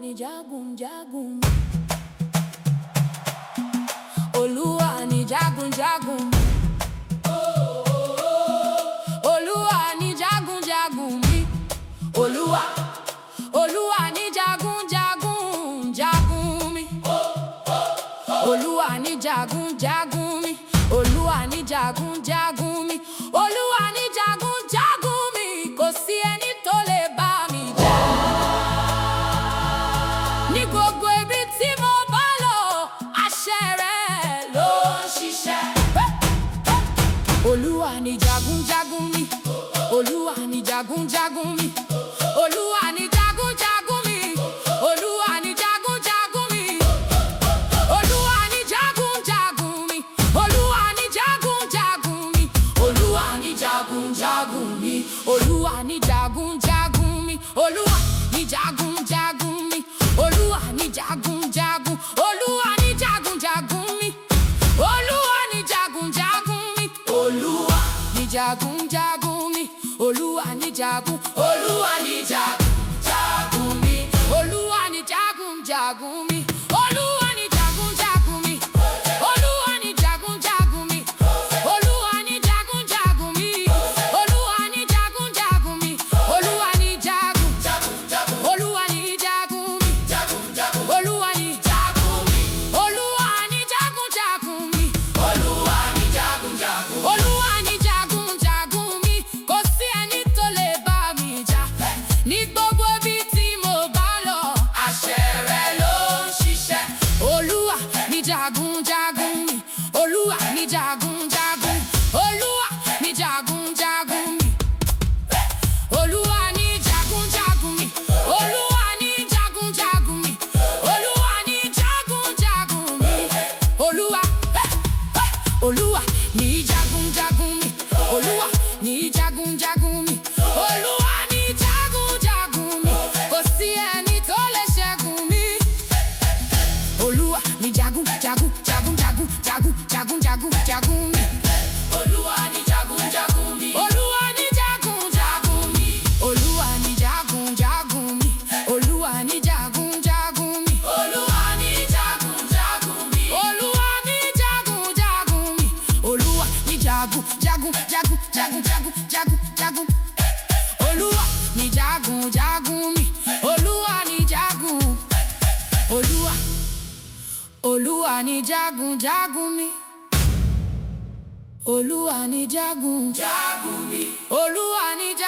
ni jagun Olúwa ni jagunjagun. Olúwa ni jagun jagun, Olúwa. Olúwa ni jagun jagun jagun, mi. Olúwa ni jagun mi. Olúwa ni jagun jagun. Olúwa ni jagunjagun mi Olúwa ni jagunjagun mi. jagun jagun mi olúwa ni jagun olúwa ni jagun. Olua ní jagun jagun mi Olúwa ní jagun jagun mi Olúwa ní jagun jagun mi kò sí ẹni tó lè mi. Olúwa ní jagun jagun jagun jagun jagun jagun jagun jagun. jagun jagun jagun jagun. Olúwa ni jagun jagun mi. Olúwa ni jagun. Olúwa. Olúwa ni jagun jagun mi. Olúwa ni jagun. Jagun mi. Olúwa ni jagun.